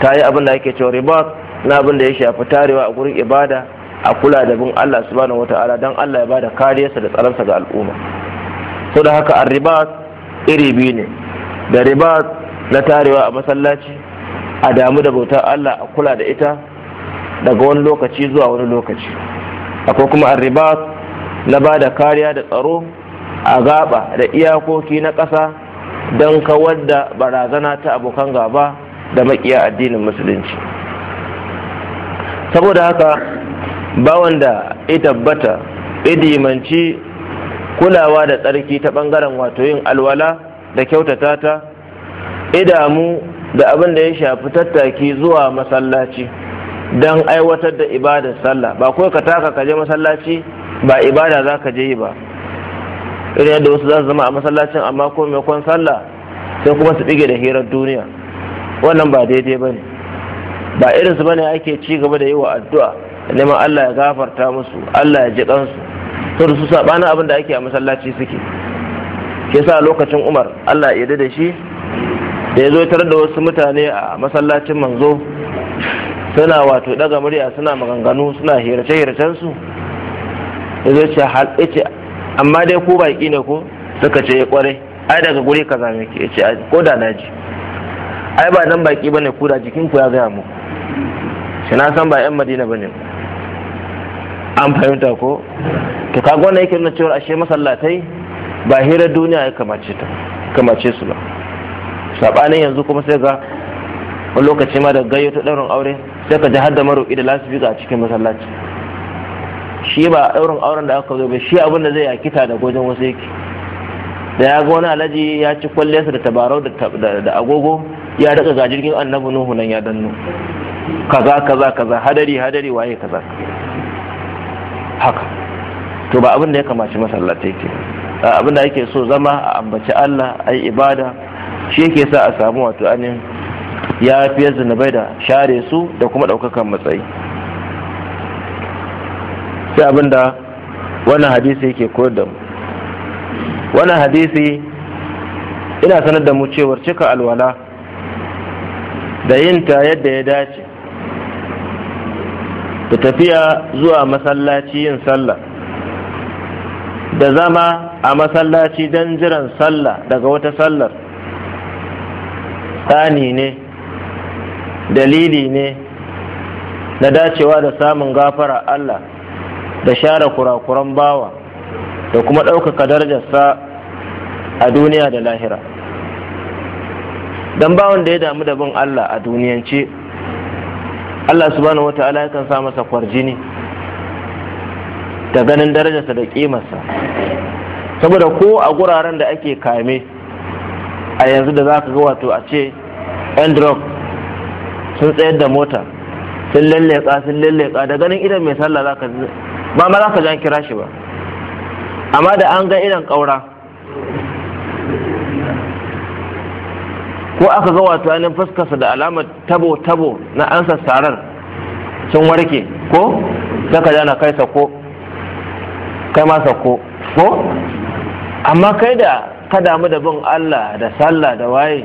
ta yi abin da ake cewa ribat na abin da ya shafi tarewa a gurin ibada a kula da bin Allah subhanahu wata'ala don Allah ya bada da kariyarsa da tsaronsa ga al'umma so da haka riba iri biyu ne da riba na tarewa a masallaci a damu da bautar Allah a kula da ita daga wani lokaci zuwa wani lokaci akwai kuma riba na ba da kariya da tsaro a gaba da iyakoki na ƙasa don kawar da barazana ta abokan gaba da makiya addinin musulunci saboda haka bawan da ya tabbata idimanci kulawa da tsarki ta bangaren wato yin alwala da kyautata ta idamu da abin da ya shafi tattaki zuwa masallaci don aiwatar da ibadar sallah ba kawai ka taka ka je masallaci ba ibada za ka je yi ba irin yadda wasu za su zama a masallacin amma ko maimakon sallah sai kuma su bige da hirar duniya wannan ba daidai ba ne ba irinsu ba ne ake ci gaba da yi wa addu'a neman Allah ya gafarta musu Allah ya ji kansu to su sabana abin da ake a masallaci suke ke sa lokacin Umar Allah ya da shi da ya zo tare da wasu mutane a masallacin manzo suna wato daga murya suna maganganu suna hirace-hiracen su ya zo ce hal ce amma dai ku baki ne ko suka ce kware eh, ai daga guri kaza ne ke ce ko da naji ai ba nan baki bane ku da jikin ku ya gaya mu shi na san ba yan madina bane an fahimta ko to kaga wannan yake nuna cewa ashe masallatai ba hirar duniya ya kamace ta kamace su ba sabanin yanzu kuma sai ga wani lokaci ma da gayyato daurin aure sai ka ji har da maroƙi da lasifika a cikin masallaci shi ba daurin auren da aka zo ba shi abin da zai ya kita da gojin wasu yake da ya ga wani alhaji ya ci kwalliyarsa da tabarau da agogo ya daga ga jirgin annabi nuhu nan ya danno kaza kaza kaza hadari hadari waye kaza haka to ba abin da ya kamaci masallatai ke ba abin da ake so zama a ambaci Allah a yi ibada shi yake sa a samu wato anin ya na bai da share su da kuma ɗaukakan matsayi sai abin da wannan hadisi yake koyar da mu wannan hadisi ina sanar da mu cewar cika alwala da yin ta yadda ya dace da tafiya zuwa masallaci yin sallah da zama a masallaci don jiran sallah daga wata sallar tsani ne dalili ne na dacewa da samun gafara Allah da share kurakuran bawa da kuma ɗaukaka darajarsa a duniya da lahira don bawan da ya damu da bin Allah a duniyance Allah subhanahu wata'ala yakan sa masa kwarjini da ganin darajarsa da kimarsa saboda ko a guraren da ake kame a yanzu da za ka ga wato a ce endrop sun tsayar da mota sun lalleka sun lalleka da ganin idan mai sallah za ka ba ma za ka jan kira shi ba amma da an ga idan ƙaura ko aka ga wato ainihin fuskarsa da alamar tabo tabo na ansa sassarar sun warke ko zaka jana kai sako kai ma sako ko amma kai da ka damu da bin Allah da sallah da waye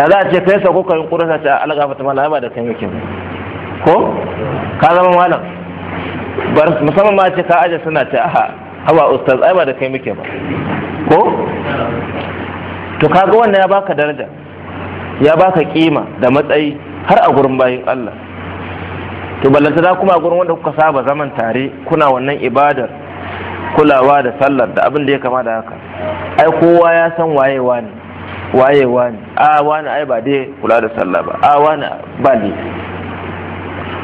da za a ce kai sako kai kurin ta algafa ta malama da kai muke ko ka zama malam musamman ma ce ka aje suna ta aha haba ustaz ai ba da kai muke ba ko to kaga wannan ya baka daraja ya baka kima da matsayi har a gurin bayin Allah to ballanta kuma a gurin wanda kuka saba zaman tare kuna wannan ibadar kulawa da sallar da abin da ya kama da haka ai kowa ya san wayewa ne wayewa ne a wani ai ba dai kula da sallah ba a wani ba ne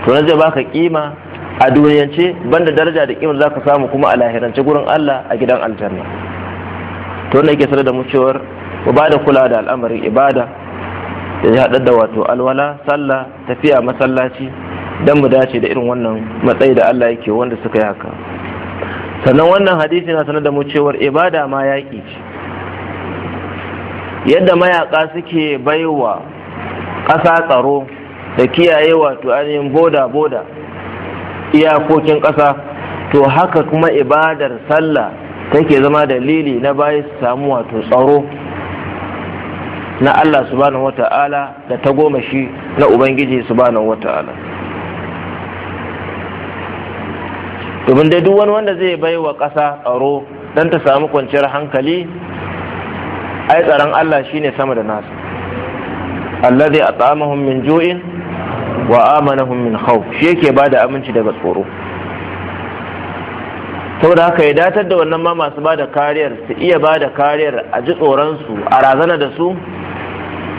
to na zai baka kima a duniyance banda daraja da kima zaka samu kuma a lahirance gurin Allah a gidan aljanna to ne yake sanar da mu cewar ku ba da kula da al'amarin ibada da ya haɗar da wato alwala sallah tafiya masallaci don mu dace da irin wannan matsayi da Allah yake wanda suka yi haka sannan wannan hadisi na sanar da mu cewar ibada ma yaƙi ce yadda mayaƙa suke baiwa ƙasa tsaro da kiyaye wato ainihin boda boda iyakokin ƙasa to haka kuma ibadar sallah take zama dalili na bayi su samu wato tsaro na Allah subhanahu wata'ala da ta goma shi na Ubangiji subhanahu wata'ala domin dai duk wani wanda zai bai wa ƙasa tsaro don ta samu kwanciyar hankali ai tsaron Allah shine sama da nasu. nasa a at'amahum min ju'in wa amanahum min khawf shi yake bada aminci daga tsoro saboda haka ya datar da wannan ma masu ba da kariyar su iya ba da kariyar a ji tsoron su a razana da su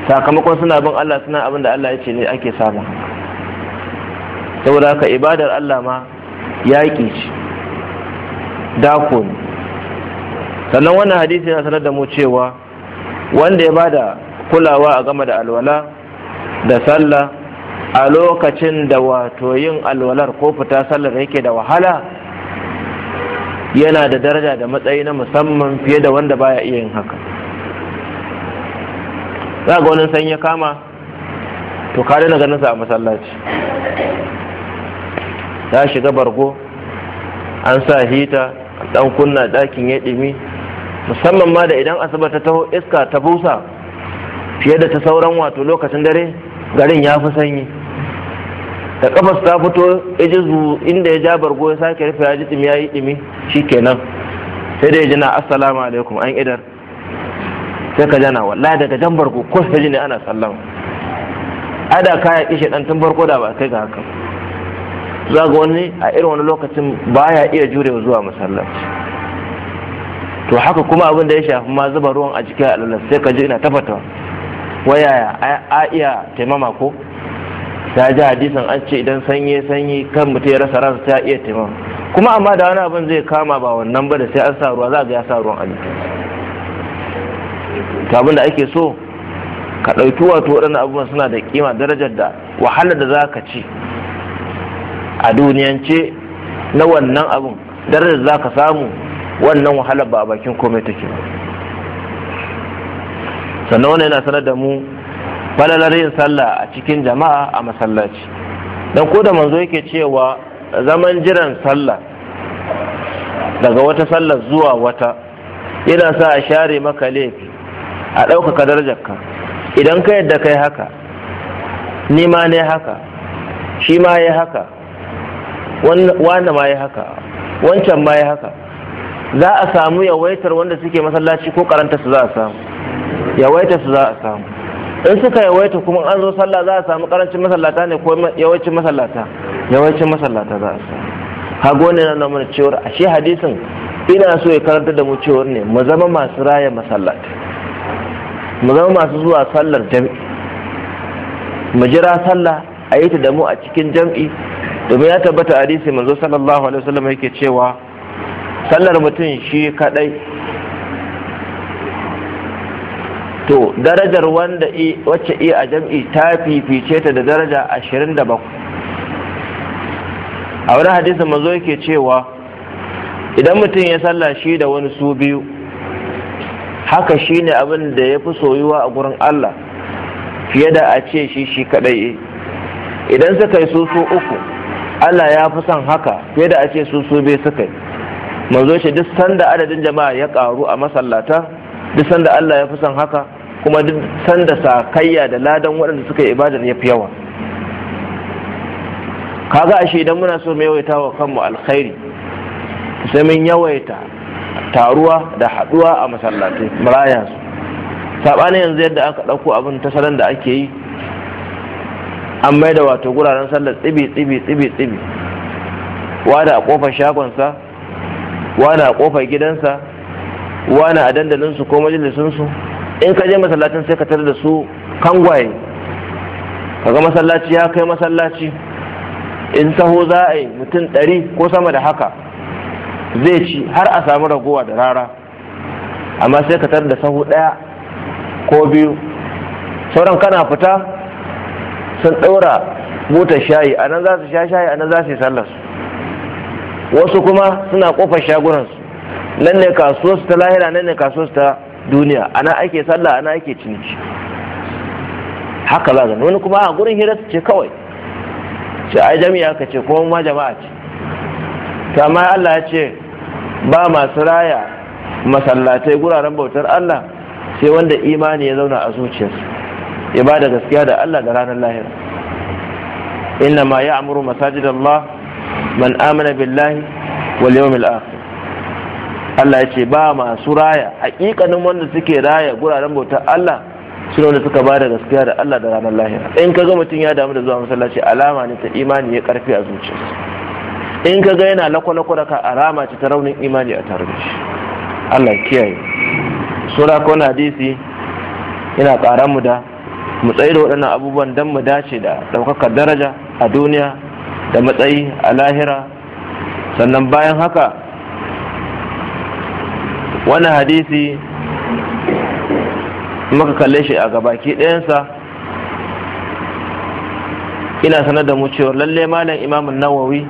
sakamakon suna bin Allah suna abin da Allah ya ce ne ake samu saboda haka ibadar Allah ma yaƙi ce dako ne sannan wannan hadisi yana sanar da mu cewa wanda ya bada kulawa a game da alwala da sallah a lokacin da wato yin alwalar ko fita sallar yake da wahala yana da daraja da matsayi na musamman fiye da wanda baya iya yin haka za ga wani sanyi kama to ka daina ganin sa a masallaci ya shiga bargo an sa hita dan kunna dakin ya dimi musamman ma da idan asuba ta taho iska ta busa fiye da ta sauran wato lokacin dare garin ya fi sanyi da kafas ta fito ijizu inda ya ja bargo ya sake rufe ya ji dimi ya yi dimi shikenan sai da ya ji na assalamu alaikum an idar sai ka jana wallahi daga jan barko ko sai ne ana sallama ada kaya kishe dan tun barko da ba kai ga haka za ga wani a irin wani lokacin baya iya jurewa zuwa masallaci to haka kuma abin da ya shafi ma zuba ruwan a cikin alalar sai ka ji ina tafata wayaya a iya taimama ko ta ji hadisan an ce idan sanyi sanyi kan mutum ya rasa rasa ta iya taimama kuma amma da wani abin zai kama ba wannan ba da sai an sa ruwa za ga ya sa ruwan a jikin abin da ake so ka ɗauki wato waɗannan abubuwan suna da ƙima darajar da wahalar da za ka ci a duniyance na wannan abun darajar za ka samu wannan wahalar ba a bakin komai take ba sannan wannan yana sanar da mu falalar yin sallah a cikin jama'a a masallaci don ko da manzo yake cewa zaman jiran sallah daga wata sallar zuwa wata yana sa a share maka laifi a ɗaukaka darajarka idan ka yadda kai haka ni ma ne haka shi ma ya haka wanda ma ya haka wancan ma ya haka za a samu yawaitar wanda suke masallaci ko karanta su za a samu yawaitar su za a samu in suka yawaita kuma an zo sallah za a samu karancin masallata ne ko yawancin masallata yawancin masallata za a samu hago ne na mana cewar ashe hadisin ina so ya karanta da mu cewar ne mu zama masu raya masallata mu zama masu zuwa sallar jam'i mu jira sallah a yi ta damu a cikin jam'i domin ya tabbata hadisi manzo sallallahu alaihi wasallam yake cewa sallar mutum shi kadai to darajar wanda wacce iya a jam'i ta fifice ta da daraja 27 a wani hadisin manzo yake cewa idan mutum ya sallah shi da wani su biyu haka shine abin da ya fi soyuwa a gurin Allah fiye da a ce shi shi kadai idan suka yi su su uku Allah ya fi son haka fiye da a ce su su bai suka yi manzo shi duk sanda adadin jama'a ya karu a masallata duk sanda Allah ya fi son haka kuma duk sanda sakayya da ladan waɗanda suka yi ibadar ya fi yawa kaga ashe idan muna so mu yawaita wa kanmu alkhairi sai mun yawaita taruwa da haduwa a masallatai maraya su saɓanin yanzu yadda aka ɗauko abin ta salon da ake yi an mai da wato guraren sallar tsibi tsibi tsibi tsibi wani a kofar shagonsa wani a kofar gidansa wani a dandalinsu ko su in ka je masallacin sai ka tare da su kangwaye kaga masallaci ya kai masallaci in saho za a yi mutum ɗari ko sama da haka zai ci har a samu ragowa da rara amma sai ka tar da sahu ɗaya ko biyu sauran kana fita sun ɗaura motar shayi a nan za su sha shayi a nan za su yi sallarsu wasu kuma suna ƙofar shagunansu nan ne su ta lahira nan ne su ta duniya ana ake sallah ana ake ciniki haka za wani kuma a gurin su ce kawai ce ai jami'a ka ce kuma ma jama'a ce kama Allah ya ce ba masu raya masallatai guraren bautar Allah sai wanda imani ya zauna a zuciyarsa ibada gaskiya da Allah da ranar lahira inna ma ya'muru masajidallah man amana billahi wal yawmil akhir Allah ya ce ba masu raya hakikanin wanda suke raya guraren bautar Allah su wanda suka ba da gaskiya da Allah da ranar lahira in ka ga mutum ya damu da zuwa masallaci alama ne ta imani ya karfi a zuciyarsa in ka ga yana lakwalakwa da ka arama ce ta raunin imani a tare da shi allah kiyaye suna ko na hadisi yana ƙaran mu da mu tsaye da waɗannan abubuwan don mu dace da ɗaukakar daraja a duniya da matsayi a lahira sannan bayan haka wani hadisi muka kalle shi a gabaki ɗayansa ina sanar da mu cewa lalle malam imamun nawawi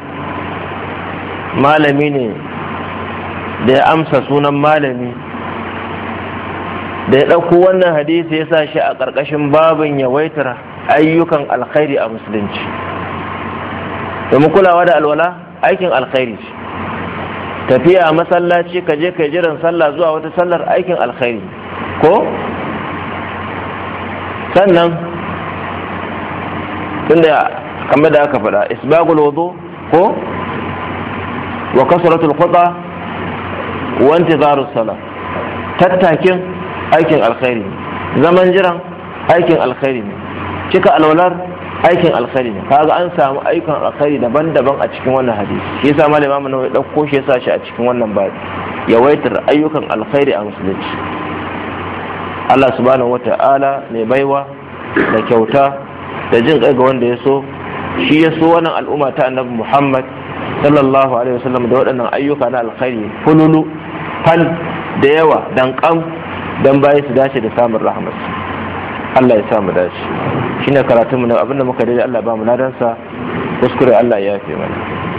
malami ne da ya amsa sunan malami da ya ɗauko wannan hadisi ya sa shi a ƙarƙashin babin yawaitar ayyukan alkhairi a musulunci domin kulawa da alwala aikin alkhairi ce tafiya a masallaci ka je kai jiran sallah zuwa wata sallar aikin alkhairi ko sannan tunda kamar da aka faɗa isbagul wudu ko wa kasaratul khuta wa intizarus sala tattakin aikin alkhairi zaman jiran aikin alkhairi ne cika alwalar aikin alkhairi ne kaga an samu aikin alkhairi daban-daban a cikin wannan hadisi yasa malama imamu nawawi dauko shi yasa shi a cikin wannan Ya waitar ayyukan alkhairi a musulunci Allah subhanahu wata'ala mai baiwa da kyauta da jin kai ga wanda ya so shi ya so wannan al'umma ta annabi Muhammad sallallahu alaihi wasallam da waɗannan ayyuka na alkhairi fululu fal da yawa dan kan dan bayi su dace da samun rahmat Allah ya samu dace shine karatunmu na abinda muka daidai Allah ba mu sa kuskure Allah ya yafe mana